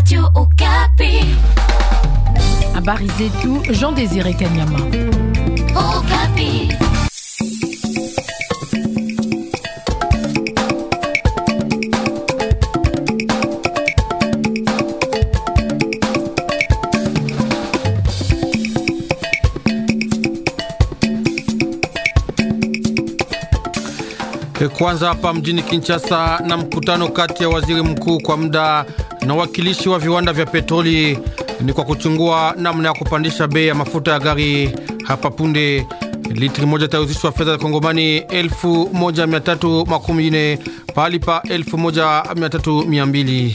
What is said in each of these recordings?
Radio Okapi. Habari zetu Jean Désiré Kanyama. Okapi. Kwanza hapa mjini Kinshasa na mkutano kati ya waziri mkuu kwa muda na wakilishi wa viwanda vya petroli ni kwa kuchungua namna ya kupandisha bei ya mafuta ya gari. Hapa punde litri moja itauzishwa fedha za kongomani 1314 pahali pa 1320.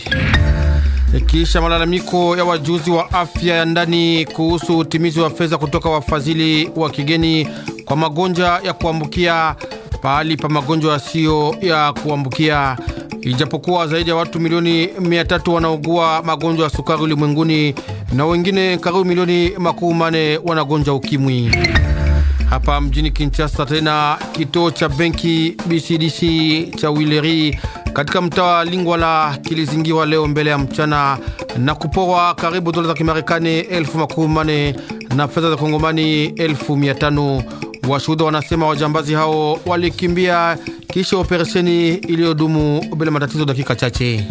Kisha malalamiko ya wajuzi wa afya ya ndani kuhusu utimizi wa fedha kutoka wafadhili wa kigeni kwa magonjwa ya kuambukia pahali pa magonjwa yasiyo ya kuambukia ijapokuwa zaidi ya watu milioni 300 wanaugua magonjwa ya sukari ulimwenguni na wengine karibu milioni makuu mane wanagonja ukimwi. Hapa mjini Kinshasa tena kituo cha benki BCDC cha Wileri katika mtaa Lingwala kilizingiwa leo mbele ya mchana na kuporwa karibu dola za Kimarekani elfu makumi mane na fedha za Kongomani elfu mia tano. Washuhuda wanasema wajambazi hao walikimbia kisha operesheni iliyodumu bila matatizo dakika chache.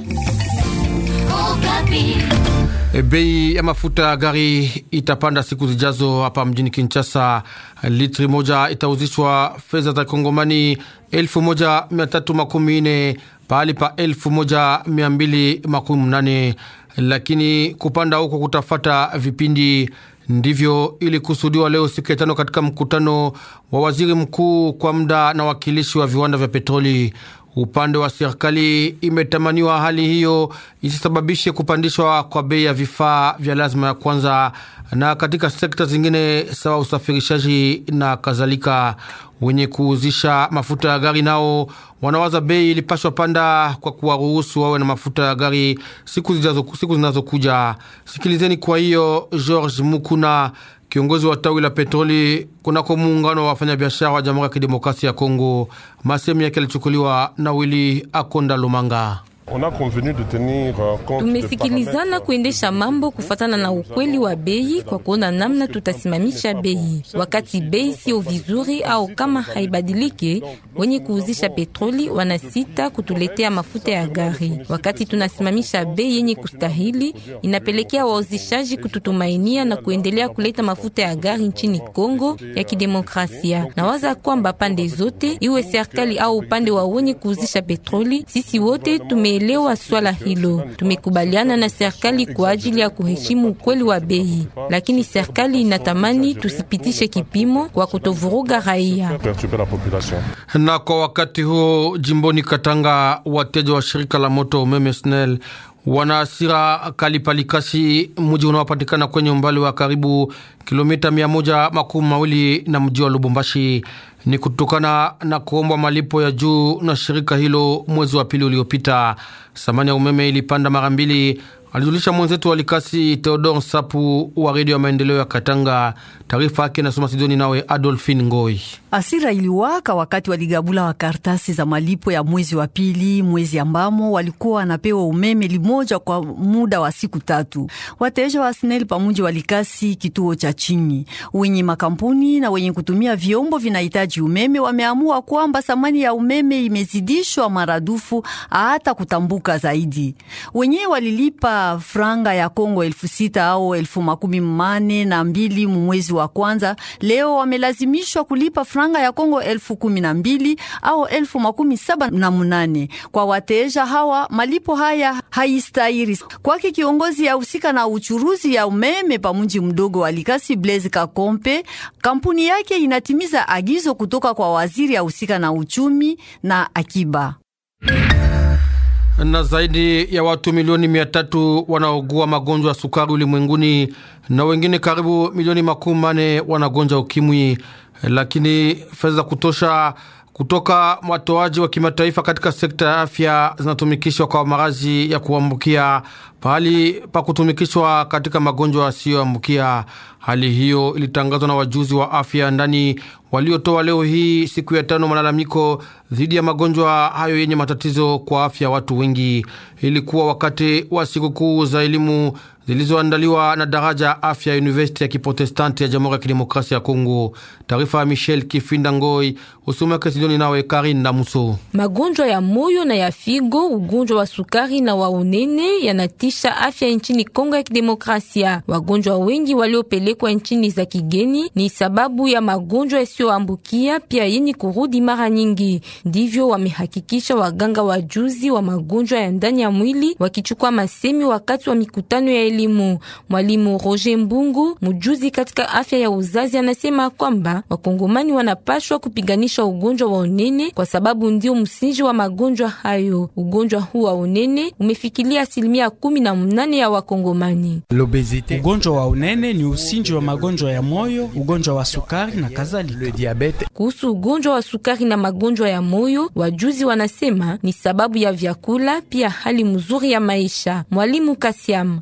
E, bei ya mafuta ya gari itapanda siku zijazo hapa mjini Kinshasa. Litri moja itauzishwa fedha za Kongomani 1340 pahali pa 1280, lakini kupanda huko kutafata vipindi Ndivyo ilikusudiwa leo siku ya tano katika mkutano wa waziri mkuu kwa muda na wakilishi wa viwanda vya petroli. Upande wa serikali imetamaniwa hali hiyo isisababishe kupandishwa kwa bei ya vifaa vya lazima ya kwanza na katika sekta zingine sawa usafirishaji na kadhalika. Wenye kuuzisha mafuta ya gari nao wanawaza bei ilipashwa panda kwa kuwaruhusu wawe na mafuta ya gari siku zinazokuja. Sikilizeni kwa hiyo George Mukuna Kiongozi wa tawi la petroli kunako muungano wa wafanyabiashara wa Jamhuri ya Kidemokrasia ya Kongo, masehemu yake yalichukuliwa na Wili Akonda Lumanga. Euh, Tumesikilizana kuendesha euh, mambo kufatana na ukweli wa bei kwa kuona namna tutasimamisha bei. Euh, Wakati bei sio vizuri au kama haibadilike, wenye kuuzisha petroli wanasita kutuletea mafuta ya gari. Wakati tunasimamisha bei yenye kustahili, inapelekea wauzishaji kututumainia na kuendelea kuleta mafuta ya gari nchini Kongo ya Kidemokrasia. Nawaza kwamba pande zote, iwe serikali au upande wa wenye kuuzisha petroli, sisi wote tume tumeelewa swala hilo. Tumekubaliana na serikali kwa ajili ya kuheshimu ukweli wa bei, lakini serikali inatamani tusipitishe kipimo kwa kutovuruga raia. Na kwa wakati huo jimboni Katanga, wateja wa shirika la moto umeme SNEL wana asira Kalipalikasi, muji unaopatikana kwenye umbali wa karibu kilomita mia moja makumi mawili na mji wa Lubumbashi. Ni kutokana na kuombwa malipo ya juu na shirika hilo mwezi wa pili uliopita. Thamani ya umeme ilipanda mara mbili alijulisha mwenzetu wa Likasi Theodor Sapu wa redio ya maendeleo ya Katanga. Taarifa yake nasoma Sidoni nawe Adolfin Ngoi. Asira iliwaka wakati waligabula wakartasi za malipo ya mwezi wa pili, mwezi ambamo walikuwa wanapewa umeme limoja kwa muda wa siku tatu. Wateja wa Snel pamuji wa Likasi, kituo cha chini, wenye makampuni na wenye kutumia vyombo vinahitaji umeme wameamua kwamba thamani ya umeme imezidishwa maradufu hata kutambuka zaidi. Wenyewe walilipa franga ya Kongo elfu sita au elfu makumi mane na mbili mwezi wa kwanza. Leo wamelazimishwa kulipa franga ya Kongo elfu kumi na mbili au elfu makumi saba na munane kwa wateja hawa. Malipo haya haistahiri kwake. Kiongozi ya husika na uchuruzi ya umeme pamuji mdogo wa Likasi, Blaise Kakompe, kampuni yake inatimiza agizo kutoka kwa waziri ya husika na uchumi na akiba na zaidi ya watu milioni mia tatu wanaogua magonjwa ya sukari ulimwenguni na wengine karibu milioni makumi mane wanagonjwa ukimwi, lakini fedha za kutosha kutoka watoaji wa kimataifa katika sekta ya afya zinatumikishwa kwa marazi ya kuambukia pahali pa kutumikishwa katika magonjwa yasiyoambukia. Hali hiyo ilitangazwa na wajuzi wa afya ndani waliotoa leo hii siku ya tano malalamiko dhidi ya magonjwa hayo yenye matatizo kwa afya watu wengi. Ilikuwa wakati wa sikukuu za elimu zilizoandaliwa na daraja ya afya ya Universiti ya Kiprotestanti ya Jamhuri ya Kidemokrasia ya Kongo. Taarifa ya Michel Kifinda Ngoi usomeke Sidoni nawe Karin Damuso. Magonjwa ya moyo na ya figo, ugonjwa wa sukari na wa unene yanatisha kuimarisha afya nchini Kongo ya Kidemokrasia. Wagonjwa wengi waliopelekwa nchini za kigeni ni sababu ya magonjwa yasiyoambukia pia yenye kurudi mara nyingi. Ndivyo wamehakikisha waganga wajuzi wa magonjwa ya ndani ya mwili wakichukua masemi wakati wa mikutano ya elimu. Mwalimu Roger Mbungu, mjuzi katika afya ya uzazi, anasema kwamba wakongomani wanapashwa kupiganisha ugonjwa wa unene kwa sababu ndio msingi wa magonjwa hayo. Ugonjwa huu wa unene umefikilia asilimia kumi na mnani ya Wakongomani. Ugonjwa wa unene ni usinji wa magonjwa ya moyo, ugonjwa wa sukari na kadhalika. Kuhusu ugonjwa wa sukari na magonjwa ya moyo, wajuzi wanasema ni sababu ya vyakula, pia hali mzuri ya maisha. Mwalimu Kasiam: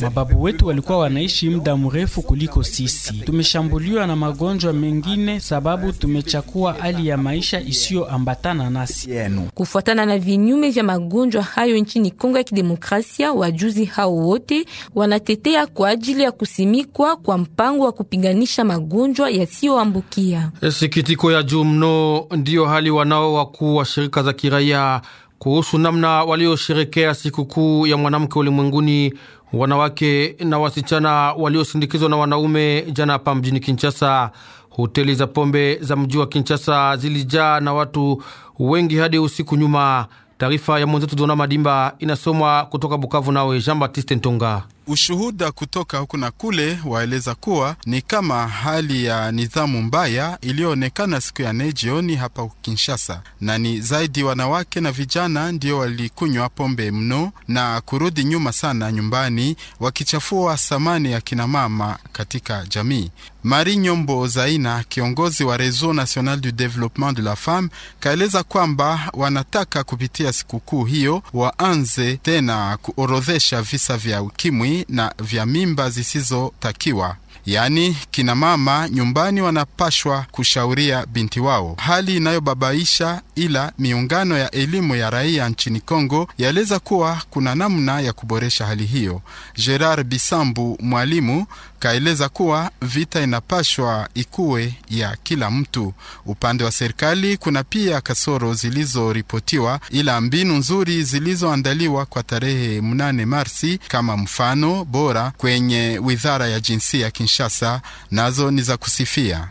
mababu wetu walikuwa wanaishi muda mrefu kuliko sisi. Tumeshambuliwa na magonjwa mengine sababu tumechakua hali ya maisha isiyoambatana nasi. Kufuatana na vinyume vya magonjwa hayo nchini Kongo ya Kidemokrasia, wajuzi hao wote wanatetea kwa ajili ya kusimikwa kwa mpango wa kupiganisha magonjwa yasiyoambukia. Sikitiko ya juu mno ndiyo hali wanao wakuu wa shirika za kiraia kuhusu namna waliosherekea sikukuu ya mwanamke ulimwenguni, wanawake na wasichana waliosindikizwa na wanaume jana hapa mjini Kinshasa. Hoteli za pombe za mji wa Kinshasa zilijaa na watu wengi hadi usiku nyuma. Taarifa ya mwenzetu Zona Madimba inasomwa kutoka Bukavu nawe Jean Baptiste Ntonga. Ushuhuda kutoka huku na kule waeleza kuwa ni kama hali ya nidhamu mbaya iliyoonekana siku ya nne jioni hapa Kinshasa, na ni zaidi wanawake na vijana ndio walikunywa pombe mno na kurudi nyuma sana nyumbani, wakichafua samani ya kinamama katika jamii. Mari Nyombo Zaina, kiongozi wa Reseau National du Développement de la Femme, kaeleza kwamba wanataka kupitia sikukuu hiyo waanze tena kuorodhesha visa vya ukimwi na vya mimba zisizotakiwa yaani kina mama nyumbani wanapashwa kushauria binti wao, hali inayobabaisha. Ila miungano ya elimu ya raia nchini Kongo yaeleza kuwa kuna namna ya kuboresha hali hiyo. Gerard Bisambu, mwalimu, kaeleza kuwa vita inapashwa ikuwe ya kila mtu. Upande wa serikali kuna pia kasoro zilizoripotiwa, ila mbinu nzuri zilizoandaliwa kwa tarehe 8 Marsi kama mfano bora kwenye wizara ya jinsia Kinshasa Kinshasa nazo ni za kusifia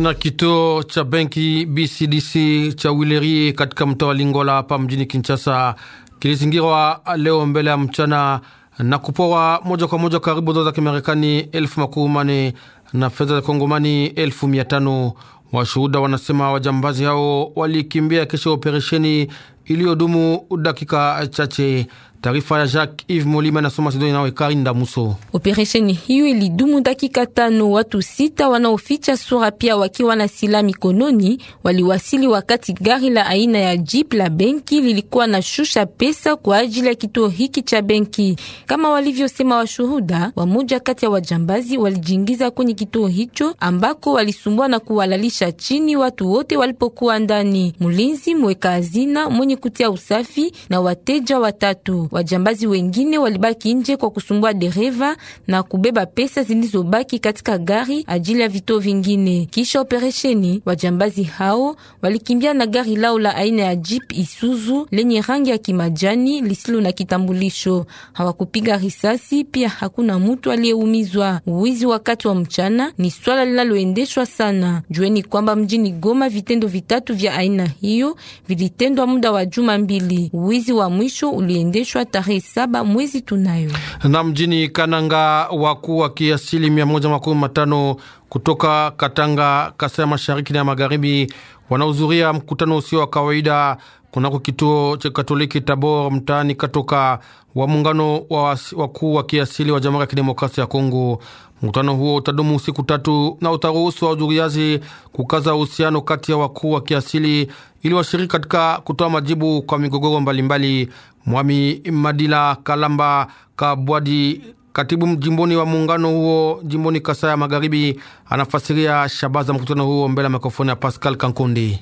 na kituo cha benki BCDC cha Wileri katika mtaa wa Lingola hapa mjini Kinshasa kilizingirwa leo mbele ya mchana na kupowa moja kwa moja karibu dola za Kimarekani elfu makumi mane na fedha za Kongomani elfu mia tano. Washuhuda wanasema wajambazi hao walikimbia kisha operesheni iliyodumu dakika chache. Taarifa ya Jacques Yves Molima na Sidoni nawe Karinda Muso. Operesheni hiyo ilidumu dakika tano. Watu sita wanaoficha sura pia wakiwa na silaha mikononi waliwasili wakati gari la aina ya jeep la benki lilikuwa na shusha pesa kwa ajili ya kituo hiki cha benki. Kama walivyosema washuhuda, wamoja kati ya wajambazi walijingiza kwenye kituo hicho ambako walisumbua na kuwalalisha chini watu wote walipokuwa ndani. Mlinzi mweka hazina mwenye kutia usafi na wateja watatu. Wajambazi wengine walibaki nje kwa kusumbua dereva na kubeba pesa zilizobaki katika gari ajili ya vituo vingine. Kisha operesheni, wajambazi hao walikimbia na gari lao la aina ya Jeep Isuzu lenye rangi ya kimajani lisilo na kitambulisho. Hawakupiga risasi, pia hakuna mutu aliyeumizwa. Uwizi wakati wa mchana ni swala linaloendeshwa sana. Jueni kwamba mjini Goma vitendo vitatu vya aina hiyo vilitendwa muda wa juma mbili. Wizi wa mwisho uliendeshwa tarehe saba mwezi tunayo na mjini Kananga wakuu wa kiasili mia moja makumi matano kutoka Katanga, Kasai mashariki na magharibi wanahudhuria mkutano usio wa kawaida kunako kituo cha Katoliki Tabor mtaani Katoka wa muungano wa wakuu wa kiasili wa Jamhuri ya Kidemokrasia ya Kongo. Mkutano huo utadumu siku tatu na utaruhusu wahudhuriaji kukaza uhusiano kati ya wakuu wa kiasili ili washiriki katika kutoa majibu kwa migogoro mbalimbali. Mwami Madila Kalamba Kabwadi Katibu jimboni wa muungano huo jimboni Kasaya Magharibi anafasiria shabaha za mkutano huo mbele ya mikrofoni ya Pascal Kankundi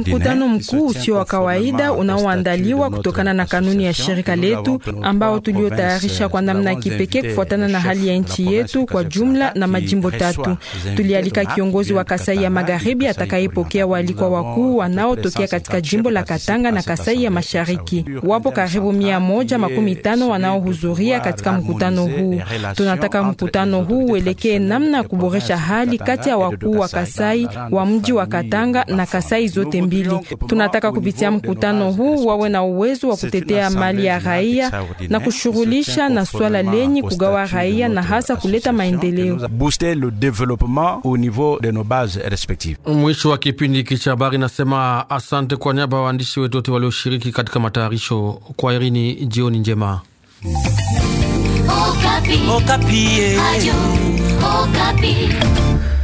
mkutano mkuu usio wa kawaida unaoandaliwa kutokana na kanuni ya shirika letu ambao tuliotayarisha kwa namna ya kipekee kufuatana na hali ya nchi yetu kwa jumla na majimbo tatu. Tulialika kiongozi wa Kasai ya Magharibi atakayepokea waalikwa wakuu wanaotokea katika jimbo la Katanga na Kasai ya Mashariki. Wapo karibu mia moja makumi tano wanaohudhuria katika mkutano huu. Tunataka mkutano huu uelekee namna ya kuboresha hali kati ya wakuu wa Kasai wa mji wa Katanga na Kasai zote mbili. Tunataka kupitia mkutano huu wawe na uwezo wa kutetea mali ya raia na kushughulisha na swala lenye kugawa raia na hasa kuleta maendeleo. Mwisho wa kipindi hiki cha habari, nasema asante kwa niaba ya waandishi wetu wote walioshiriki katika matayarisho. Kwa herini, jioni njema. Okapi. Okapi. Eh. Ayu, Okapi.